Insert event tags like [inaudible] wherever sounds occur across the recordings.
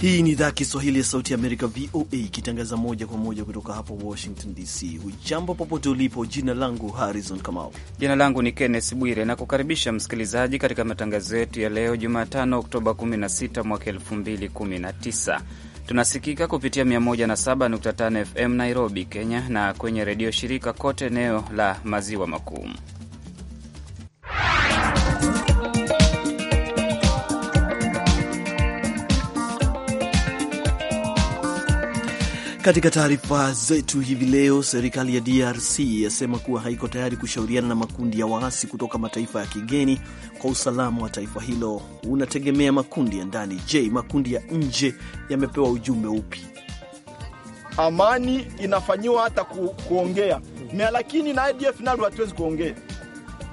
Hii ni idhaa Kiswahili ya Sauti ya Amerika, VOA, ikitangaza moja kwa moja kutoka hapa Washington DC. Hujambo popote ulipo, jina langu Harrison Kamau. Jina langu ni Kenneth Bwire na kukaribisha msikilizaji katika matangazo yetu ya leo Jumatano, Oktoba 16 mwaka 2019. Tunasikika kupitia 107.5 FM Nairobi, Kenya, na kwenye redio shirika kote eneo la maziwa makuu. Katika taarifa zetu hivi leo, serikali ya DRC yasema kuwa haiko tayari kushauriana na makundi ya waasi kutoka mataifa ya kigeni, kwa usalama wa taifa hilo unategemea makundi ya ndani. Je, makundi ya nje yamepewa ujumbe upi? Amani inafanyiwa hata ku, kuongea mea, lakini na ADF nalo hatuwezi kuongea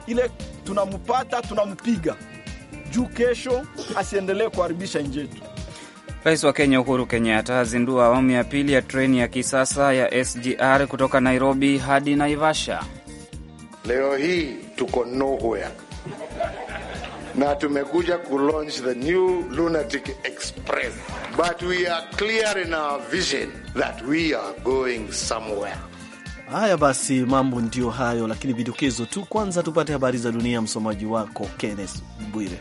ile, tunampata tunampiga juu, kesho asiendelee kuharibisha njetu yetu. Rais wa Kenya Uhuru Kenyatta azindua awamu ya pili ya treni ya kisasa ya SGR kutoka Nairobi hadi Naivasha. Leo hii tuko nowhere na tumekuja kulaunch the new lunatic express but we are clear in our vision that we are going somewhere. Haya basi, mambo ndiyo hayo, lakini vidokezo tu. Kwanza tupate habari za dunia. Msomaji wako Kenneth Bwire.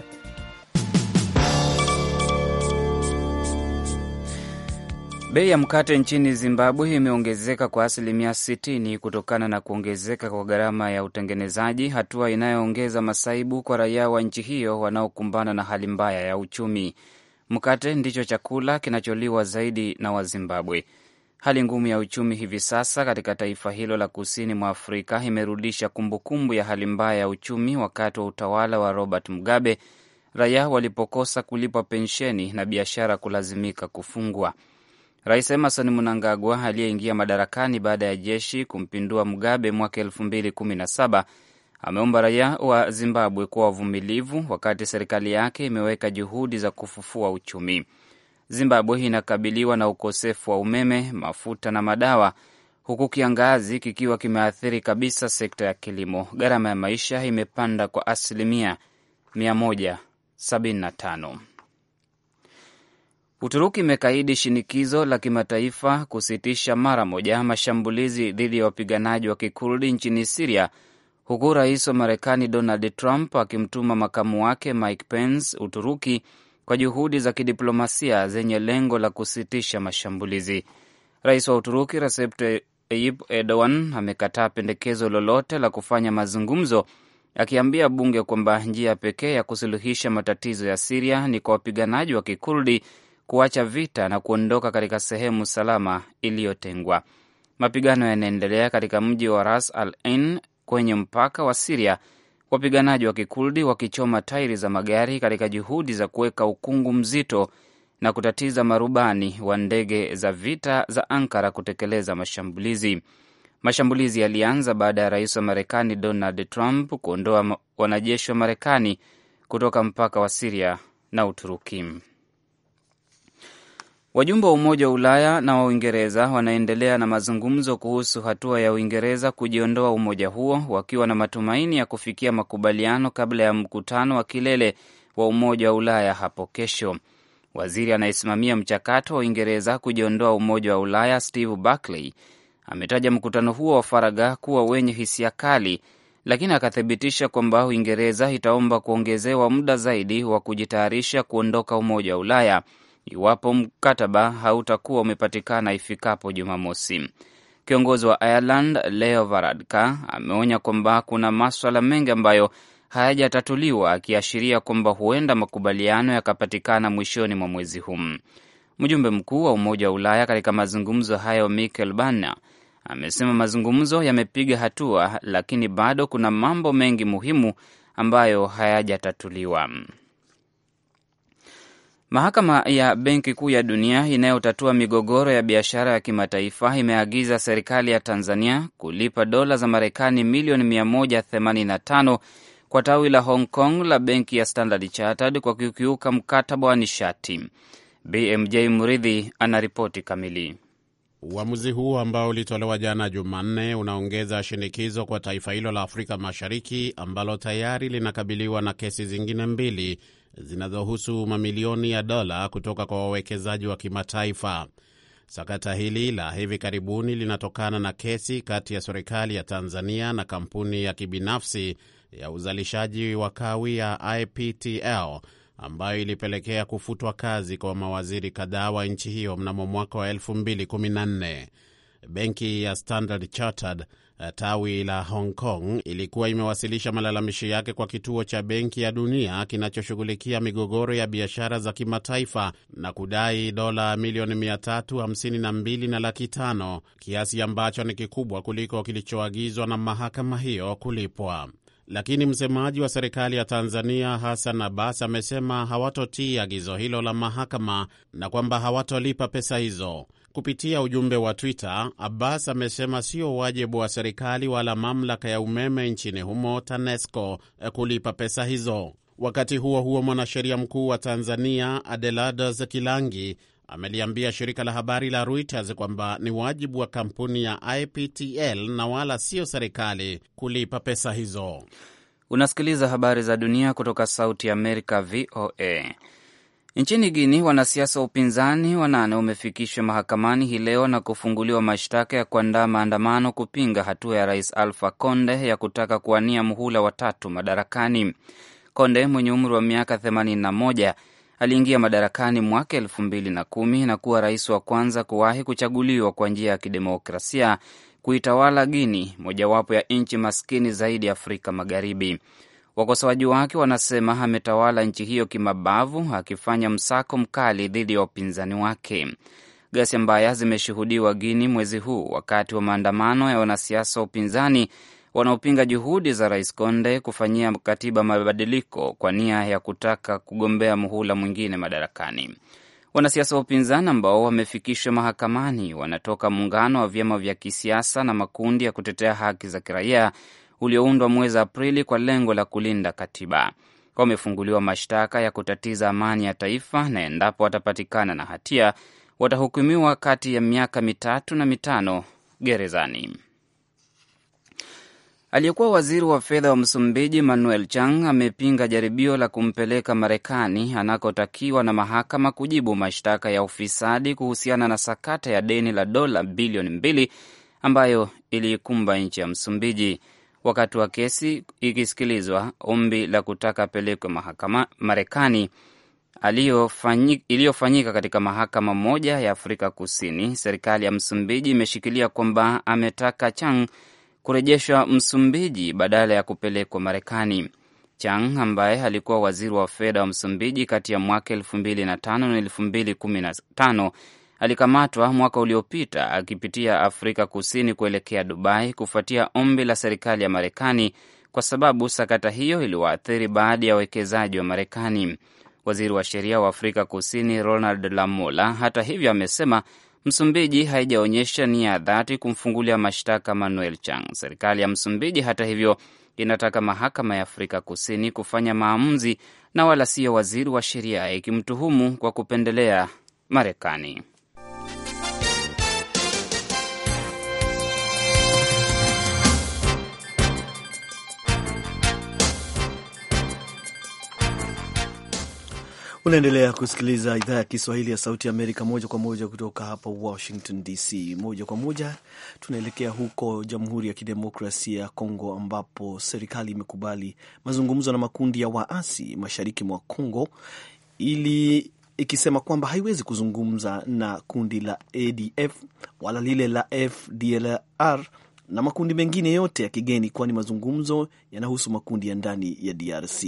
Bei ya mkate nchini Zimbabwe imeongezeka kwa asilimia 60 kutokana na kuongezeka kwa gharama ya utengenezaji, hatua inayoongeza masaibu kwa raia wa nchi hiyo wanaokumbana na hali mbaya ya uchumi. Mkate ndicho chakula kinacholiwa zaidi na Wazimbabwe. Hali ngumu ya uchumi hivi sasa katika taifa hilo la kusini mwa Afrika imerudisha kumbukumbu ya hali mbaya ya uchumi wakati wa utawala wa Robert Mugabe, raia walipokosa kulipwa pensheni na biashara kulazimika kufungwa. Rais Emerson Mnangagwa aliyeingia madarakani baada ya jeshi kumpindua Mugabe mwaka elfu mbili kumi na saba ameomba raia wa Zimbabwe kuwa wavumilivu wakati serikali yake imeweka juhudi za kufufua uchumi. Zimbabwe inakabiliwa na ukosefu wa umeme, mafuta na madawa, huku kiangazi kikiwa kimeathiri kabisa sekta ya kilimo. Gharama ya maisha imepanda kwa asilimia 175. Uturuki imekaidi shinikizo la kimataifa kusitisha mara moja mashambulizi dhidi ya wapiganaji wa kikurdi nchini Siria, huku rais wa Marekani Donald Trump akimtuma makamu wake Mike Pence Uturuki kwa juhudi za kidiplomasia zenye lengo la kusitisha mashambulizi. Rais wa Uturuki Recep Tayyip Erdogan amekataa pendekezo lolote la kufanya mazungumzo, akiambia bunge kwamba njia pekee ya kusuluhisha matatizo ya Siria ni kwa wapiganaji wa kikurdi kuacha vita na kuondoka katika sehemu salama iliyotengwa. Mapigano yanaendelea katika mji wa Ras al Ain kwenye mpaka wa Siria, wapiganaji wa Kikurdi wakichoma tairi za magari katika juhudi za kuweka ukungu mzito na kutatiza marubani wa ndege za vita za Ankara kutekeleza mashambulizi. Mashambulizi yalianza baada ya rais wa Marekani Donald Trump kuondoa wanajeshi wa Marekani kutoka mpaka wa Siria na Uturuki. Wajumbe wa Umoja wa Ulaya na wa Uingereza wanaendelea na mazungumzo kuhusu hatua ya Uingereza kujiondoa umoja huo, wakiwa na matumaini ya kufikia makubaliano kabla ya mkutano wa kilele wa Umoja wa Ulaya hapo kesho. Waziri anayesimamia mchakato wa Uingereza kujiondoa Umoja wa Ulaya Steve Barclay ametaja mkutano huo wa faragha kuwa wenye hisia kali, lakini akathibitisha kwamba Uingereza itaomba kuongezewa muda zaidi wa kujitayarisha kuondoka Umoja wa Ulaya iwapo mkataba hautakuwa umepatikana ifikapo Jumamosi. Kiongozi wa Ireland Leo Varadkar ameonya kwamba kuna maswala mengi ambayo hayajatatuliwa, akiashiria kwamba huenda makubaliano yakapatikana mwishoni mwa mwezi huu. Mjumbe mkuu wa Umoja wa Ulaya katika mazungumzo hayo Michel Barnier amesema mazungumzo yamepiga hatua, lakini bado kuna mambo mengi muhimu ambayo hayajatatuliwa. Mahakama ya Benki Kuu ya Dunia inayotatua migogoro ya biashara ya kimataifa imeagiza serikali ya Tanzania kulipa dola za Marekani milioni 185 kwa tawi la Hong Kong la benki ya Standard Chartered kwa kukiuka mkataba wa nishati. BMJ Mridhi anaripoti kamili. Uamuzi huo ambao ulitolewa jana Jumanne unaongeza shinikizo kwa taifa hilo la Afrika Mashariki ambalo tayari linakabiliwa na kesi zingine mbili zinazohusu mamilioni ya dola kutoka kwa wawekezaji wa kimataifa. Sakata hili la hivi karibuni linatokana na kesi kati ya serikali ya Tanzania na kampuni ya kibinafsi ya uzalishaji wa kawi ya IPTL ambayo ilipelekea kufutwa kazi kwa mawaziri kadhaa wa nchi hiyo mnamo mwaka wa 2014. Benki ya Standard Chartered eh, tawi la Hong Kong ilikuwa imewasilisha malalamishi yake kwa kituo cha Benki ya Dunia kinachoshughulikia migogoro ya biashara za kimataifa na kudai dola milioni 352 na laki tano, kiasi ambacho ni kikubwa kuliko kilichoagizwa na mahakama hiyo kulipwa lakini msemaji wa serikali ya Tanzania Hassan Abbas amesema hawatotii agizo hilo la mahakama na kwamba hawatolipa pesa hizo. Kupitia ujumbe wa Twitter, Abbas amesema sio wajibu wa serikali wala mamlaka ya umeme nchini humo TANESCO kulipa pesa hizo. Wakati huo huo, mwanasheria mkuu wa Tanzania Adelardus Kilangi ameliambia shirika la habari la Reuters kwamba ni wajibu wa kampuni ya IPTL na wala sio serikali kulipa pesa hizo. Unasikiliza habari za dunia kutoka Sauti ya Amerika, VOA. Nchini Guini, wanasiasa wa upinzani wanane wamefikishwa mahakamani hii leo na kufunguliwa mashtaka ya kuandaa maandamano kupinga hatua ya rais Alfa Conde ya kutaka kuwania mhula watatu madarakani. Konde mwenye umri wa miaka 81 aliingia madarakani mwaka elfu mbili na kumi na kuwa rais wa kwanza kuwahi kuchaguliwa kwa njia ya kidemokrasia kuitawala Guini, mojawapo ya nchi maskini zaidi Afrika Magharibi. Wakosoaji wake wanasema ametawala nchi hiyo kimabavu, akifanya msako mkali dhidi ya upinzani wake. Ghasia mbaya zimeshuhudiwa Guini mwezi huu wakati wa maandamano ya wanasiasa wa upinzani wanaopinga juhudi za Rais Konde kufanyia katiba mabadiliko kwa nia ya kutaka kugombea muhula mwingine madarakani. Wanasiasa wa upinzani ambao wamefikishwa mahakamani wanatoka muungano wa vyama vya kisiasa na makundi ya kutetea haki za kiraia ulioundwa mwezi Aprili kwa lengo la kulinda katiba. Wamefunguliwa mashtaka ya kutatiza amani ya taifa, na endapo watapatikana na hatia watahukumiwa kati ya miaka mitatu na mitano gerezani. Aliyekuwa waziri wa fedha wa Msumbiji Manuel Chang amepinga jaribio la kumpeleka Marekani anakotakiwa na mahakama kujibu mashtaka ya ufisadi kuhusiana na sakata ya deni la dola bilioni mbili ambayo iliikumba nchi ya Msumbiji. Wakati wa kesi ikisikilizwa, ombi la kutaka apelekwe mahakama Marekani iliyofanyika katika mahakama moja ya Afrika Kusini, serikali ya Msumbiji imeshikilia kwamba ametaka Chang kurejeshwa Msumbiji badala ya kupelekwa Marekani. Chang ambaye alikuwa waziri wa fedha wa Msumbiji kati ya mwaka elfu mbili na tano na elfu mbili kumi na tano alikamatwa mwaka uliopita akipitia Afrika Kusini kuelekea Dubai kufuatia ombi la serikali ya Marekani kwa sababu sakata hiyo iliwaathiri baadhi ya wawekezaji wa Marekani. Waziri wa sheria wa Afrika Kusini Ronald Lamola hata hivyo amesema Msumbiji haijaonyesha nia ya dhati kumfungulia mashtaka Manuel Chang. Serikali ya Msumbiji, hata hivyo, inataka mahakama ya Afrika Kusini kufanya maamuzi na wala siyo waziri wa sheria, ikimtuhumu kwa kupendelea Marekani. Unaendelea kusikiliza idhaa ya Kiswahili ya Sauti ya Amerika moja kwa moja kutoka hapa Washington DC. Moja kwa moja tunaelekea huko Jamhuri ya Kidemokrasia ya Kongo, ambapo serikali imekubali mazungumzo na makundi ya waasi mashariki mwa Kongo ili ikisema kwamba haiwezi kuzungumza na kundi la ADF wala lile la FDLR na makundi mengine yote ya kigeni, kwani mazungumzo yanahusu makundi ya ndani ya DRC.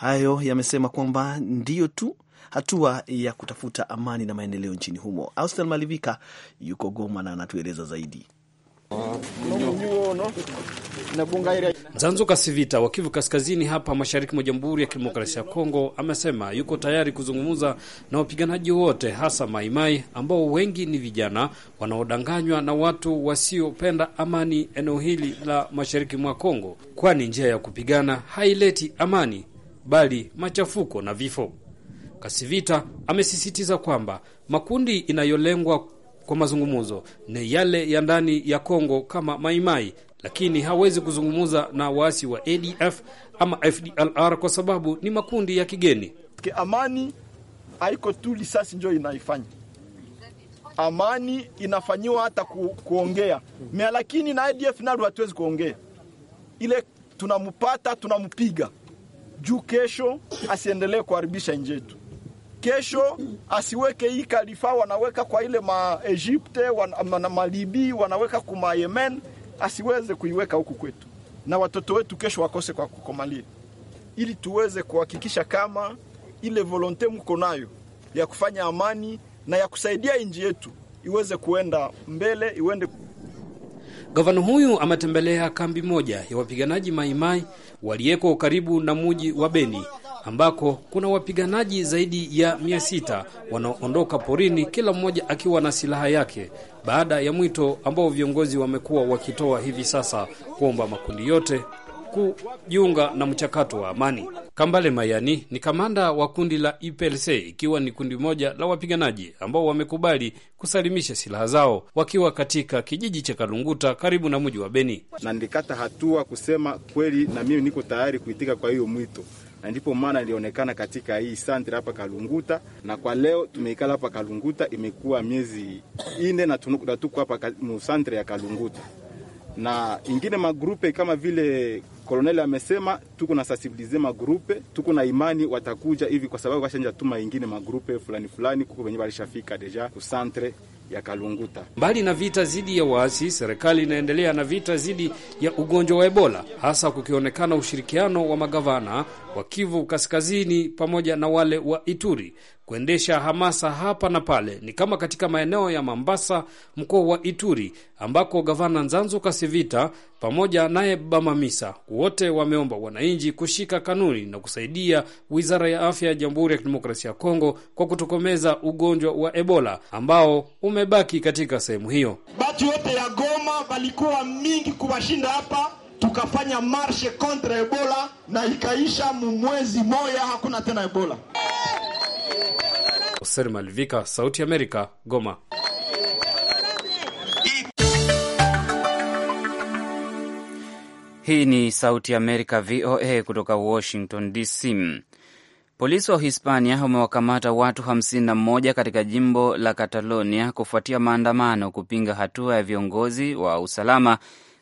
Hayo yamesema kwamba ndiyo tu hatua ya kutafuta amani na maendeleo nchini humo. Austel Malivika yuko Goma na anatueleza zaidi. Mzanzu Kasivita wa Kivu Kaskazini hapa mashariki mwa Jamhuri ya Kidemokrasia ya Kongo amesema yuko tayari kuzungumza na wapiganaji wote, hasa Maimai ambao wengi ni vijana wanaodanganywa na watu wasiopenda amani eneo hili la mashariki mwa Kongo, kwani njia ya kupigana haileti amani bali machafuko na vifo. Kasivita amesisitiza kwamba makundi inayolengwa kwa mazungumzo ni yale ya ndani ya Kongo kama Maimai, lakini hawezi kuzungumza na waasi wa ADF ama FDLR kwa sababu ni makundi ya kigeni. Amani haiko tu lisasi njo inaifanya amani, inafanyiwa hata ku, kuongea mea, lakini na ADF nalo hatuwezi kuongea ile, tunamupata tunamupiga juu kesho asiendelee kuharibisha nji yetu. Kesho asiweke hii kalifa wanaweka kwa ile maegypte wana, malibi wanaweka kuma Yemen, asiweze kuiweka huku kwetu, na watoto wetu kesho wakose kwa kukomalia, ili tuweze kuhakikisha kama ile volonte mko nayo ya kufanya amani na ya kusaidia nji yetu iweze kuenda mbele iwende Gavana huyu ametembelea kambi moja ya wapiganaji Maimai waliyeko karibu na muji wa Beni ambako kuna wapiganaji zaidi ya mia sita wanaoondoka porini, kila mmoja akiwa na silaha yake, baada ya mwito ambao viongozi wamekuwa wakitoa hivi sasa kuomba makundi yote kujiunga na mchakato wa amani. Kambale Mayani ni kamanda wa kundi la IPLC, ikiwa ni kundi moja la wapiganaji ambao wamekubali kusalimisha silaha zao wakiwa katika kijiji cha Kalunguta karibu na mji wa Beni. Na nilikata hatua kusema kweli, na mimi niko tayari kuitika kwa hiyo mwito na ndipo maana ilionekana katika hii santre hapa Kalunguta, na kwa leo tumeikala hapa Kalunguta, imekuwa miezi ine na tuko hapa musantre ya Kalunguta na ingine magrupe kama vile koloneli amesema, tuko na sensibilize magrupe, tuko na imani watakuja hivi, kwa sababu washanja tuma ingine magrupe fulani fulani, kuko wenye walishafika deja kusantre ya Kalunguta. Mbali na vita zidi ya waasi, serikali inaendelea na vita zidi ya ugonjwa wa Ebola, hasa kukionekana ushirikiano wa magavana wa Kivu Kaskazini pamoja na wale wa Ituri kuendesha hamasa hapa na pale, ni kama katika maeneo ya Mambasa, mkoa wa Ituri, ambako gavana Nzanzu Kasivita pamoja naye Bamamisa wote wameomba wananchi kushika kanuni na kusaidia wizara ya afya ya Jamhuri ya Kidemokrasia ya Kongo kwa kutokomeza ugonjwa wa Ebola ambao umebaki katika sehemu hiyo. Batu yote ya Goma balikuwa mingi kuwashinda hapa tukafanya marche contre Ebola na ikaisha mwezi moya, hakuna tena Ebola. Oser Malvika, Sauti Amerika, Goma. Hii ni Sauti Amerika VOA kutoka Washington DC. Polisi wa Hispania wamewakamata watu 51 katika jimbo la Catalonia kufuatia maandamano kupinga hatua ya viongozi wa usalama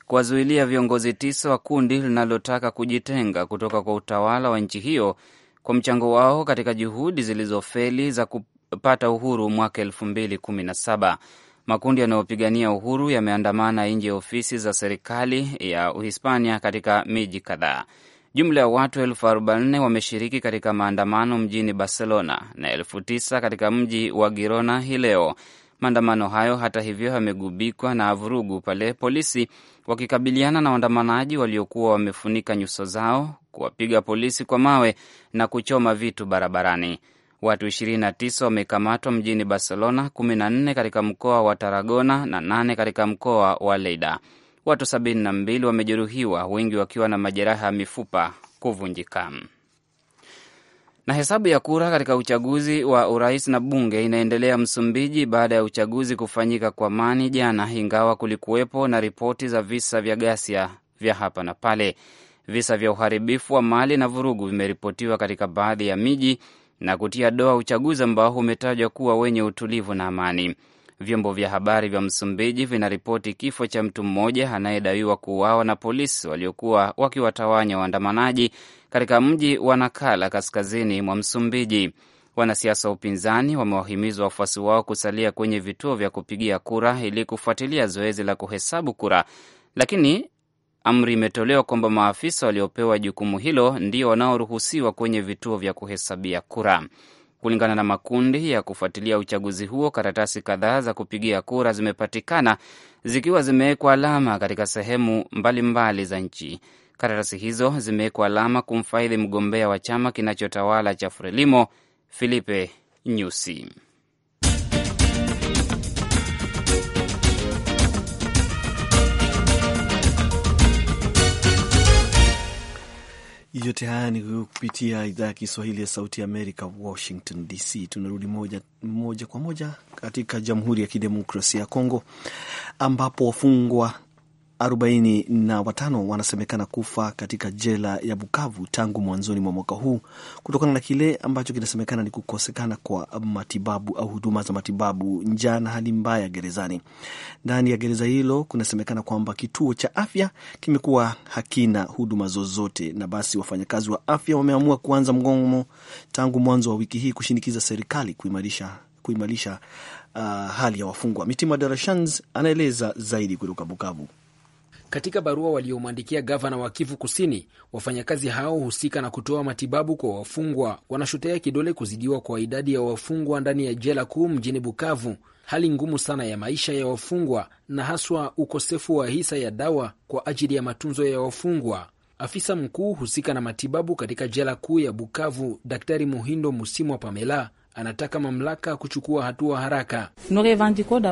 kuwazuilia viongozi tisa wa kundi linalotaka kujitenga kutoka kwa utawala wa nchi hiyo kwa mchango wao katika juhudi zilizofeli za kupata uhuru mwaka elfu mbili kumi na saba. Makundi yanayopigania uhuru yameandamana nje ya ofisi za serikali ya Uhispania katika miji kadhaa. Jumla ya watu elfu arobaini wameshiriki katika maandamano mjini Barcelona na elfu tisa katika mji wa Girona hii leo Maandamano hayo hata hivyo yamegubikwa na vurugu pale polisi wakikabiliana na waandamanaji waliokuwa wamefunika nyuso zao, kuwapiga polisi kwa mawe na kuchoma vitu barabarani. Watu 29 wamekamatwa mjini Barcelona, 14 katika mkoa wa Tarragona na 8 katika mkoa wa Lleida. Watu 72 wamejeruhiwa, wengi wakiwa na majeraha ya mifupa kuvunjika. Na hesabu ya kura katika uchaguzi wa urais na bunge inaendelea Msumbiji baada ya uchaguzi kufanyika kwa amani jana, ingawa kulikuwepo na ripoti za visa vya ghasia vya hapa na pale. Visa vya uharibifu wa mali na vurugu vimeripotiwa katika baadhi ya miji na kutia doa uchaguzi ambao umetajwa kuwa wenye utulivu na amani. Vyombo vya habari vya Msumbiji vinaripoti kifo cha mtu mmoja anayedaiwa kuuawa na polisi waliokuwa wakiwatawanya waandamanaji katika mji wa Nakala kaskazini mwa Msumbiji. Wanasiasa wa upinzani wamewahimiza wafuasi wao kusalia kwenye vituo vya kupigia kura ili kufuatilia zoezi la kuhesabu kura, lakini amri imetolewa kwamba maafisa waliopewa jukumu hilo ndio wanaoruhusiwa kwenye vituo vya kuhesabia kura. Kulingana na makundi ya kufuatilia uchaguzi huo, karatasi kadhaa za kupigia kura zimepatikana zikiwa zimewekwa alama katika sehemu mbalimbali mbali za nchi. Karatasi hizo zimewekwa alama kumfaidhi mgombea wa chama kinachotawala cha Frelimo, Filipe Nyusi. Yote haya ni kupitia idhaa ya Kiswahili ya Sauti ya Amerika, Washington DC. Tunarudi moja, moja kwa moja katika Jamhuri ya Kidemokrasia ya Kongo ambapo wafungwa 45 wanasemekana kufa katika jela ya Bukavu tangu mwanzoni mwa mwaka huu kutokana na kile ambacho kinasemekana ni kukosekana kwa matibabu au huduma za matibabu, njaa na hali mbaya gerezani. Ndani ya gereza hilo kunasemekana kwamba kituo cha afya kimekuwa hakina huduma zozote, na basi wafanyakazi wa afya wameamua kuanza mgomo tangu mwanzo wa wiki hii kushinikiza serikali kuimarisha kuimarisha uh, hali ya wafungwa. Mitima Darashans anaeleza zaidi kutoka Bukavu. Katika barua waliomwandikia gavana wa Kivu Kusini, wafanyakazi hao husika na kutoa matibabu kwa wafungwa wanashutea kidole kuzidiwa kwa idadi ya wafungwa ndani ya jela kuu mjini Bukavu, hali ngumu sana ya maisha ya wafungwa na haswa ukosefu wa hisa ya dawa kwa ajili ya matunzo ya wafungwa. Afisa mkuu husika na matibabu katika jela kuu ya Bukavu, Daktari Muhindo Musimwa Pamela anataka mamlaka kuchukua hatua haraka.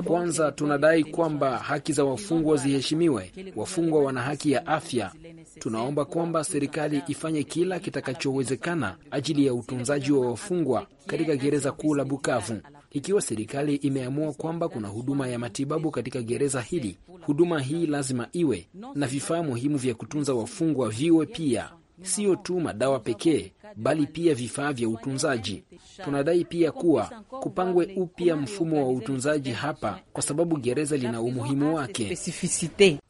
Kwanza tunadai kwamba haki za wafungwa ziheshimiwe. Wafungwa wana haki ya afya. Tunaomba kwamba serikali ifanye kila kitakachowezekana ajili ya utunzaji wa wafungwa katika gereza kuu la Bukavu. Ikiwa serikali imeamua kwamba kuna huduma ya matibabu katika gereza hili, huduma hii lazima iwe na vifaa muhimu vya kutunza wafungwa viwe pia siyo tu madawa pekee, bali pia vifaa vya utunzaji. Tunadai pia kuwa kupangwe upya mfumo wa utunzaji hapa, kwa sababu gereza lina umuhimu wake.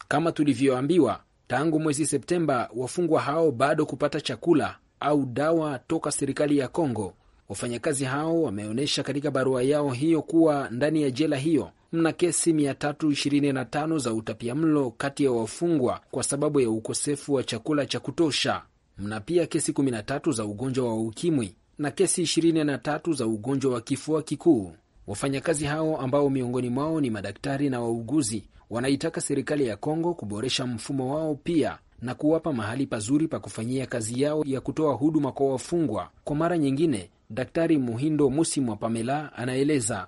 Kama tulivyoambiwa, tangu mwezi Septemba wafungwa hao bado kupata chakula au dawa toka serikali ya Kongo. Wafanyakazi hao wameonyesha katika barua yao hiyo kuwa ndani ya jela hiyo mna kesi 325 za utapiamlo kati ya wafungwa kwa sababu ya ukosefu wa chakula cha kutosha. Mna pia kesi 13 za ugonjwa wa ukimwi na kesi 23 za ugonjwa wa kifua kikuu. Wafanyakazi hao ambao miongoni mwao ni madaktari na wauguzi wanaitaka serikali ya Kongo kuboresha mfumo wao pia na kuwapa mahali pazuri pa kufanyia kazi yao ya kutoa huduma kwa wafungwa kwa mara nyingine Daktari Muhindo Musi mwa Pamela anaeleza,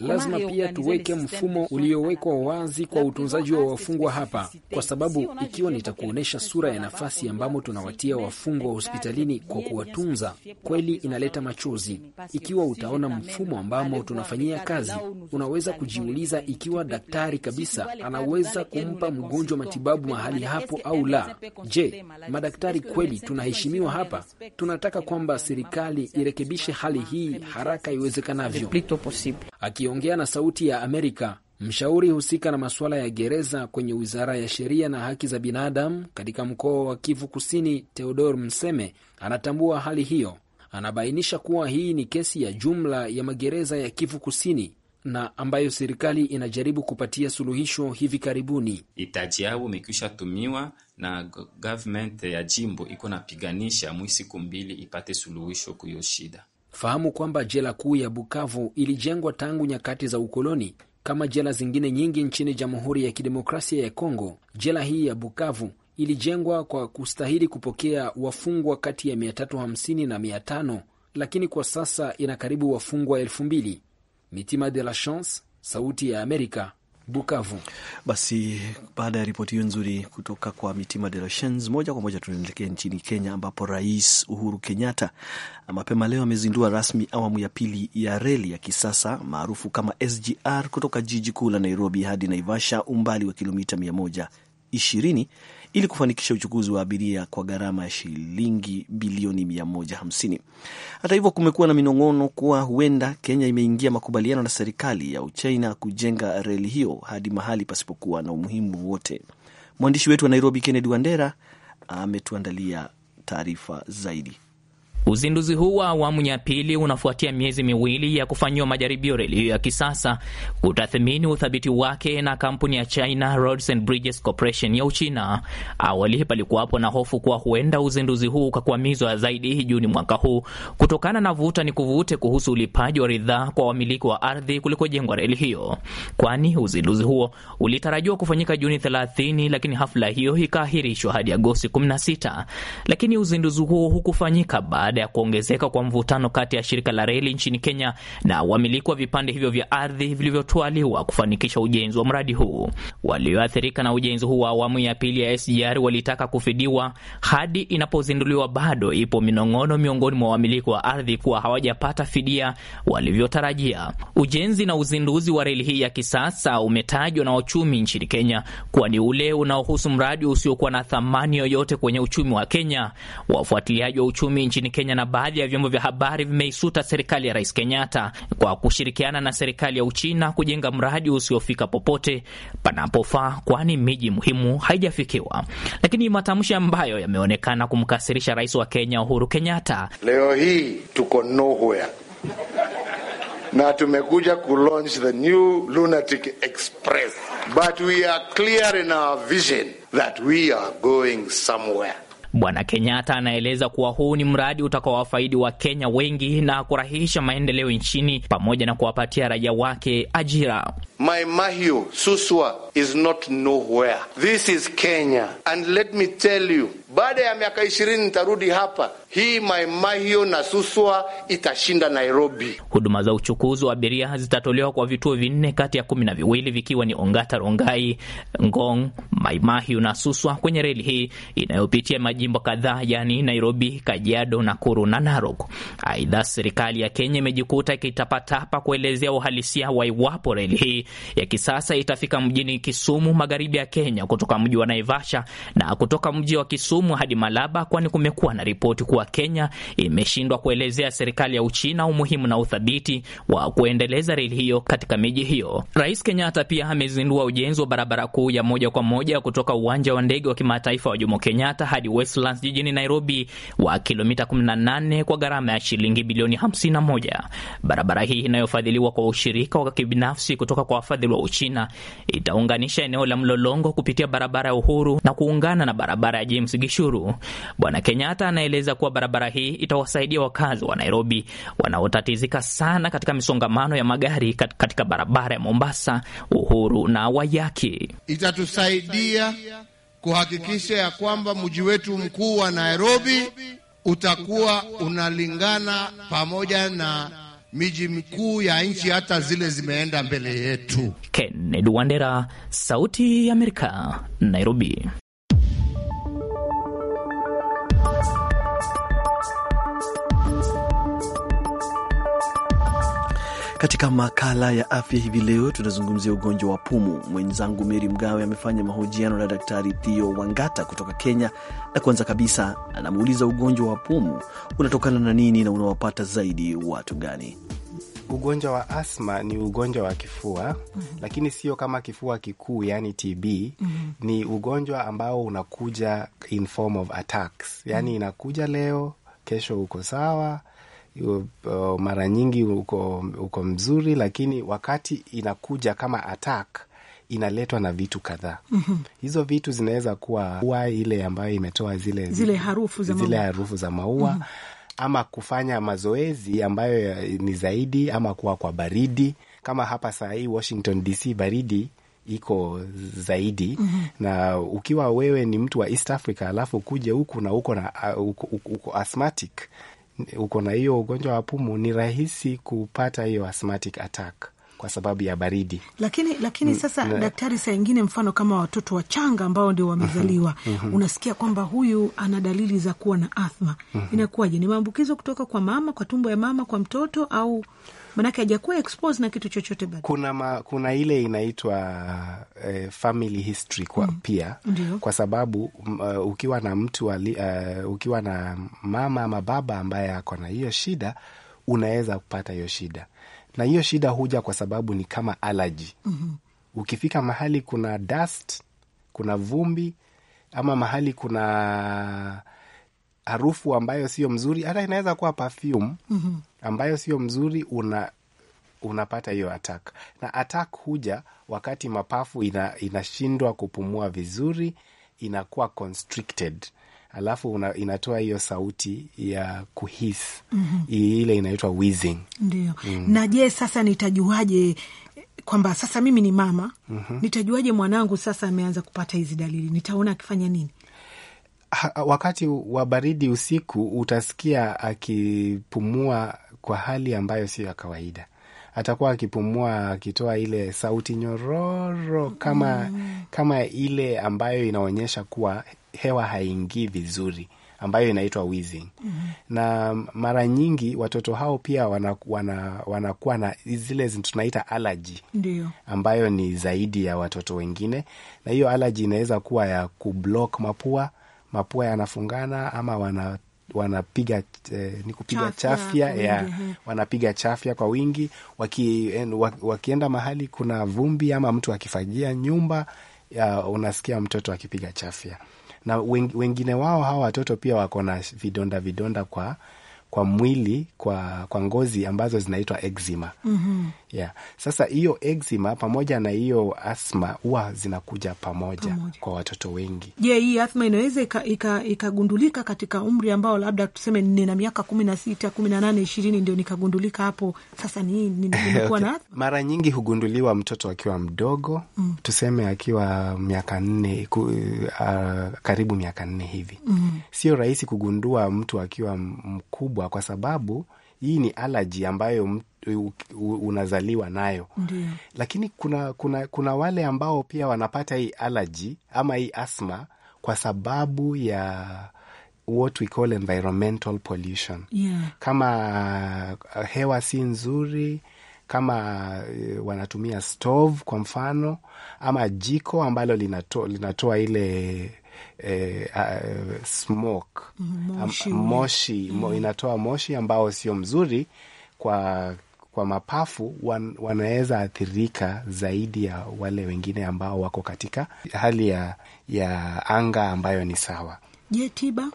lazima pia tuweke mfumo uliowekwa wazi kwa utunzaji wa wafungwa hapa, kwa sababu ikiwa nitakuonyesha sura ya nafasi ambamo tunawatia wafungwa hospitalini kwa kuwatunza, kweli inaleta machozi. Ikiwa utaona mfumo ambamo tunafanyia kazi, unaweza kujiuliza ikiwa daktari kabisa anaweza kumpa mgonjwa matibabu mahali hapo au la. Je, madaktari kweli tunaheshimiwa hapa? Tunataka kwamba serikali serikali irekebishe hali hii haraka iwezekanavyo. Akiongea na Sauti ya Amerika, mshauri husika na masuala ya gereza kwenye Wizara ya Sheria na Haki za Binadamu katika mkoa wa Kivu Kusini, Theodor Mseme, anatambua hali hiyo. Anabainisha kuwa hii ni kesi ya jumla ya magereza ya Kivu Kusini na ambayo serikali inajaribu kupatia suluhisho hivi karibuni. Itaji yao imekwisha tumiwa na government ya jimbo iko napiganisha mwi siku mbili ipate suluhisho kuyo shida. Fahamu kwamba jela kuu ya Bukavu ilijengwa tangu nyakati za ukoloni kama jela zingine nyingi nchini Jamhuri ya Kidemokrasia ya Kongo. Jela hii ya Bukavu ilijengwa kwa kustahili kupokea wafungwa kati ya 350 na 500, lakini kwa sasa ina karibu wafungwa elfu mbili. Mitima de la Chance, Sauti ya Amerika, Bukavu. Basi baada ya ripoti hiyo nzuri kutoka kwa Mitima de la Chance, moja kwa moja tunaelekea nchini Kenya ambapo Rais Uhuru Kenyatta mapema leo amezindua rasmi awamu ya pili ya reli ya kisasa maarufu kama SGR kutoka jiji kuu la Nairobi hadi Naivasha, umbali wa kilomita 100 ishirini ili kufanikisha uchukuzi wa abiria kwa gharama ya shilingi bilioni hamsini. Hata hivyo, kumekuwa na minong'ono kuwa huenda Kenya imeingia makubaliano na serikali ya Uchina kujenga reli hiyo hadi mahali pasipokuwa na umuhimu wote. Mwandishi wetu wa Nairobi, Kennedy Wandera, ametuandalia taarifa zaidi. Uzinduzi huu wa awamu ya pili unafuatia miezi miwili ya kufanyiwa majaribio reli hiyo ya kisasa, utathimini uthabiti wake na kampuni ya China Roads and Bridges Corporation ya Uchina. Awali palikuwapo na hofu kuwa huenda uzinduzi huu ukakwamizwa zaidi Juni mwaka huu kutokana na vuta ni kuvute kuhusu ulipaji wa ridhaa kwa wamiliki wa ardhi kulikojengwa reli hiyo, kwani uzinduzi huo ulitarajiwa kufanyika Juni 30, lakini hafla hiyo ikaahirishwa hadi Agosti 16. Lakini uzinduzi huo hukufanyika baada baada ya kuongezeka kwa mvutano kati ya shirika la reli nchini Kenya na wamiliki wa vipande hivyo vya ardhi vilivyotwaliwa kufanikisha ujenzi wa mradi huu. Walioathirika na ujenzi huu wa awamu ya pili ya SGR walitaka kufidiwa. Hadi inapozinduliwa, bado ipo minong'ono miongoni mwa wamiliki wa ardhi kuwa hawajapata fidia walivyotarajia. Ujenzi na uzinduzi wa reli hii ya kisasa umetajwa na wachumi nchini Kenya kuwa ni ule unaohusu mradi usiokuwa na thamani yoyote kwenye uchumi wa Kenya. Wafuatiliaji wa uchumi nchini Kenya Kenya na baadhi ya vyombo vya habari vimeisuta serikali ya Rais Kenyatta kwa kushirikiana na serikali ya Uchina kujenga mradi usiofika popote panapofaa, kwani miji muhimu haijafikiwa. Lakini matamshi ambayo yameonekana kumkasirisha rais wa Kenya Uhuru Kenyatta. Leo hii tuko nowhere na tumekuja ku the new lunatic express but we are clear in our vision that we are going somewhere Bwana Kenyatta anaeleza kuwa huu ni mradi utakaowafaidi kenya wengi na kurahisisha maendeleo nchini pamoja na kuwapatia raia wake ajira. My Mahio Suswa is not nowhere. This is Kenya. And let me tell you, baada ya miaka ishirini nitarudi hapa, hii maimahio na Suswa itashinda Nairobi. Huduma za uchukuzi wa abiria zitatolewa kwa vituo vinne kati ya kumi na viwili vikiwa ni Ongata, Rongai, Ngong, Maimahiu na Suswa kwenye reli hii inayopitia majimbo kadhaa yani Nairobi, Kajiado, Nakuru na Narok. Aidha, serikali ya Kenya imejikuta ikitapatapa kuelezea uhalisia wa iwapo reli hii ya kisasa itafika mjini Kisumu, magharibi ya Kenya, kutoka mji wa Naivasha na kutoka mji wa Kisumu Kisumu hadi Malaba, kwani kumekuwa na ripoti kuwa Kenya imeshindwa kuelezea serikali ya Uchina umuhimu na uthabiti wa kuendeleza reli hiyo katika miji hiyo. Rais Kenyatta pia amezindua ujenzi wa barabara kuu ya moja kwa moja kutoka uwanja wa ndege wa kimataifa wa Jomo Kenyatta hadi Westlands jijini Nairobi wa kilomita 18 kwa gharama ya shilingi bilioni 51. Barabara hii inayofadhiliwa kwa ushirika wa kibinafsi kutoka kwa wafadhili wa Uchina itaunganisha eneo la Mlolongo kupitia barabara ya Uhuru na kuungana na barabara ya James Gish ushuru. Bwana Kenyatta anaeleza kuwa barabara hii itawasaidia wakazi wa Nairobi wanaotatizika sana katika misongamano ya magari katika barabara ya Mombasa, Uhuru na Wayaki. Itatusaidia kuhakikisha ya kwamba mji wetu mkuu wa Nairobi utakuwa unalingana pamoja na miji mikuu ya nchi hata zile zimeenda mbele yetu. Kennedy Wandera, Sauti ya Amerika, Nairobi. Katika makala ya afya hivi leo tunazungumzia ugonjwa wa pumu. Mwenzangu Meri Mgawe amefanya mahojiano na Daktari Theo Wangata kutoka Kenya, na kwanza kabisa anamuuliza ugonjwa wa pumu unatokana na nini na unawapata zaidi watu gani? Ugonjwa wa asma ni ugonjwa wa kifua mm -hmm. Lakini sio kama kifua kikuu, yani TB mm -hmm. Ni ugonjwa ambao unakuja in form of attacks, yani mhm. inakuja leo, kesho uko sawa uh, mara nyingi uko, uko mzuri, lakini wakati inakuja kama attack inaletwa na vitu kadhaa. mm -hmm. Hizo vitu zinaweza kuwa ua ile ambayo imetoa zile, zile harufu za zile harufu za maua mm -hmm. ama kufanya mazoezi ambayo eh, ni zaidi, ama kuwa kwa baridi kama hapa saa hii Washington DC baridi iko zaidi. mm -hmm. Na ukiwa wewe ni mtu wa East Africa alafu kuje huku na uko na uh, uko asthmatic uko na hiyo ugonjwa wa pumu, ni rahisi kupata hiyo asthmatic attack kwa sababu ya baridi. Lakini, lakini mm, sasa N daktari, saa ingine mfano kama watoto wachanga ambao ndio wamezaliwa mm-hmm, mm-hmm. unasikia kwamba huyu ana dalili za kuwa na athma, mm-hmm. inakuwaje? Ni maambukizo kutoka kwa mama, kwa tumbo ya mama kwa mtoto au manake hajakuwa expose na kitu chochote bado. Kuna, ma, kuna ile inaitwa eh, family history kwa mm. pia Ndiyo. Kwa sababu uh, ukiwa na mtu wali, uh, eh, ukiwa na mama ama baba ambaye ako na hiyo shida unaweza kupata hiyo shida na hiyo shida huja kwa sababu ni kama alaji. mm -hmm. Ukifika mahali kuna dust, kuna vumbi ama mahali kuna harufu ambayo sio mzuri, hata inaweza kuwa perfume mhm. ambayo sio mzuri, una unapata hiyo attack. Na attack huja wakati mapafu inashindwa ina kupumua vizuri, inakuwa constricted alafu una, inatoa hiyo sauti ya kuhis mm -hmm. ile inaitwa wheezing ndio. mm na je, sasa nitajuaje kwamba sasa mimi ni mama mm -hmm. nitajuaje mwanangu sasa ameanza kupata hizi dalili? Nitaona akifanya nini? Ha, wakati wa baridi usiku utasikia akipumua kwa hali ambayo sio ya kawaida atakuwa akipumua akitoa ile sauti nyororo kama, mm. kama ile ambayo inaonyesha kuwa hewa haingii vizuri ambayo inaitwa wheezing. Mm -hmm. Na mara nyingi watoto hao pia wanakuwa wana, wana na zile tunaita allergy. Ndiyo. ambayo ni zaidi ya watoto wengine, na hiyo allergy inaweza kuwa ya kublock mapua, mapua yanafungana ama wana wanapiga eh, ni kupiga chafya, ya, eh. wanapiga chafya kwa wingi waki, en, eh, wakienda mahali kuna vumbi ama mtu akifagia nyumba ya, unasikia mtoto akipiga chafya na wengine wao hawa watoto pia wako na vidonda vidonda kwa kwa mwili kwa, kwa ngozi ambazo zinaitwa eczema. mm -hmm yeah. Sasa hiyo eczema pamoja na hiyo asma huwa zinakuja pamoja, pamoja kwa watoto wengi. Je, hii asma inaweza ikagundulika ika, ika katika umri ambao labda tuseme nina miaka kumi na sita kumi na nane ishirini ndio nikagundulika hapo sasa ni, ni, [laughs] okay. na mara nyingi hugunduliwa mtoto akiwa mdogo mm. tuseme akiwa miaka nne ku, uh, karibu miaka nne hivi mm. Sio rahisi kugundua mtu akiwa mkubwa kwa sababu hii ni alaji ambayo unazaliwa nayo. Ndiyo. Lakini kuna, kuna, kuna wale ambao pia wanapata hii alaji ama hii asma kwa sababu ya what we call environmental pollution. Yeah. Kama uh, hewa si nzuri, kama uh, wanatumia stove kwa mfano, ama jiko ambalo linatoa, linatoa ile eh, uh, smoke, moshi, moshi mm. inatoa moshi ambao sio mzuri kwa kwa mapafu wan, wanaweza athirika zaidi ya wale wengine ambao wako katika hali ya, ya anga ambayo ni sawa. Je, tiba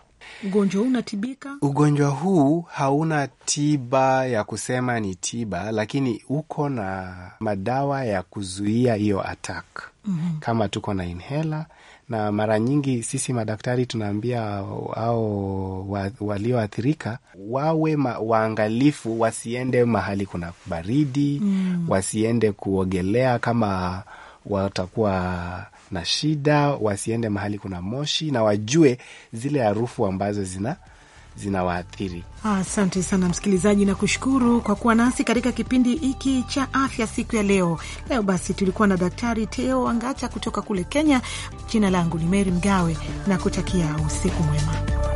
ugonjwa huu unatibika? Ugonjwa huu hauna tiba ya kusema ni tiba, lakini uko na madawa ya kuzuia hiyo attack. mm -hmm. Kama tuko na inhela na mara nyingi sisi madaktari tunaambia ao walioathirika wawe ma, waangalifu, wasiende mahali kuna baridi mm. wasiende kuogelea kama watakuwa na shida, wasiende mahali kuna moshi, na wajue zile harufu ambazo zina zinawaathiri. Asante sana msikilizaji, na kushukuru kwa kuwa nasi katika kipindi hiki cha afya siku ya leo. Leo basi tulikuwa na Daktari Teo Angata kutoka kule Kenya. Jina langu ni Meri Mgawe na kutakia usiku mwema.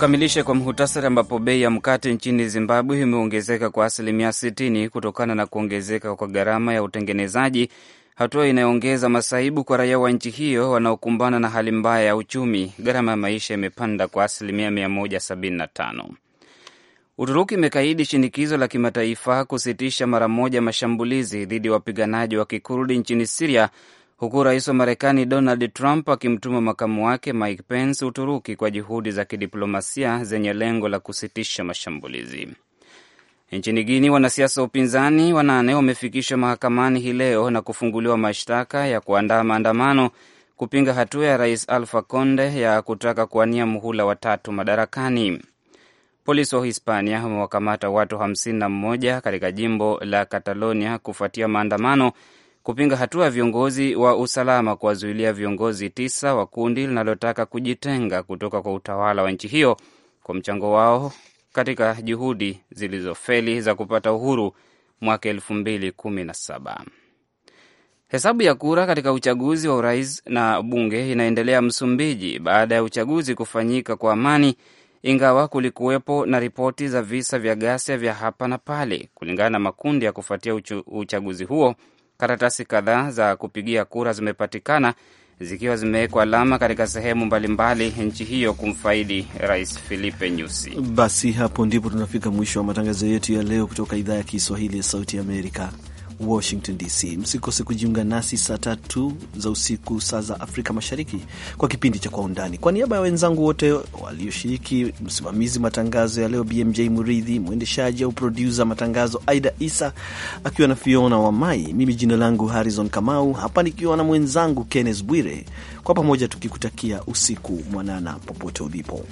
Tukamilishe kwa muhtasari ambapo bei ya mkate nchini Zimbabwe imeongezeka kwa asilimia 60 kutokana na kuongezeka kwa gharama ya utengenezaji, hatua inayoongeza masaibu kwa raia wa nchi hiyo wanaokumbana na hali mbaya ya uchumi. Gharama ya maisha imepanda kwa asilimia 175. Uturuki imekaidi shinikizo la kimataifa kusitisha mara moja mashambulizi dhidi ya wapiganaji wa Kikurdi nchini Siria huku rais wa Marekani Donald Trump akimtuma makamu wake Mike Pence Uturuki kwa juhudi za kidiplomasia zenye lengo la kusitisha mashambulizi. Nchini Guini, wanasiasa wa upinzani wanane wamefikishwa mahakamani hii leo na kufunguliwa mashtaka ya kuandaa maandamano kupinga hatua ya rais Alfa Conde ya kutaka kuwania muhula watatu madarakani. Polisi wa Hispania wamewakamata watu 51 katika jimbo la Catalonia kufuatia maandamano kupinga hatua ya viongozi wa usalama kuwazuilia viongozi tisa wa kundi linalotaka kujitenga kutoka kwa utawala wa nchi hiyo kwa mchango wao katika juhudi zilizofeli za kupata uhuru mwaka elfu mbili kumi na saba. Hesabu ya kura katika uchaguzi wa urais na bunge inaendelea Msumbiji baada ya uchaguzi kufanyika kwa amani, ingawa kulikuwepo na ripoti za visa vya ghasia vya hapa na pale, kulingana na makundi ya kufuatia uchaguzi huo. Karatasi kadhaa za kupigia kura zimepatikana zikiwa zimewekwa alama katika sehemu mbalimbali nchi hiyo kumfaidi Rais Filipe Nyusi. Basi hapo ndipo tunafika mwisho wa matangazo yetu ya leo kutoka idhaa ya Kiswahili ya Sauti Amerika. Washington DC. Msikose kujiunga nasi saa tatu za usiku, saa za Afrika Mashariki, kwa kipindi cha Kwa Undani. Kwa niaba ya wenzangu wote walioshiriki, msimamizi matangazo ya leo BMJ Muridhi, mwendeshaji au produsa matangazo Aida Isa akiwa na Fiona Wamai, mimi jina langu Harrison Kamau hapa nikiwa na mwenzangu Kenneth Bwire, kwa pamoja tukikutakia usiku mwanana popote ulipo.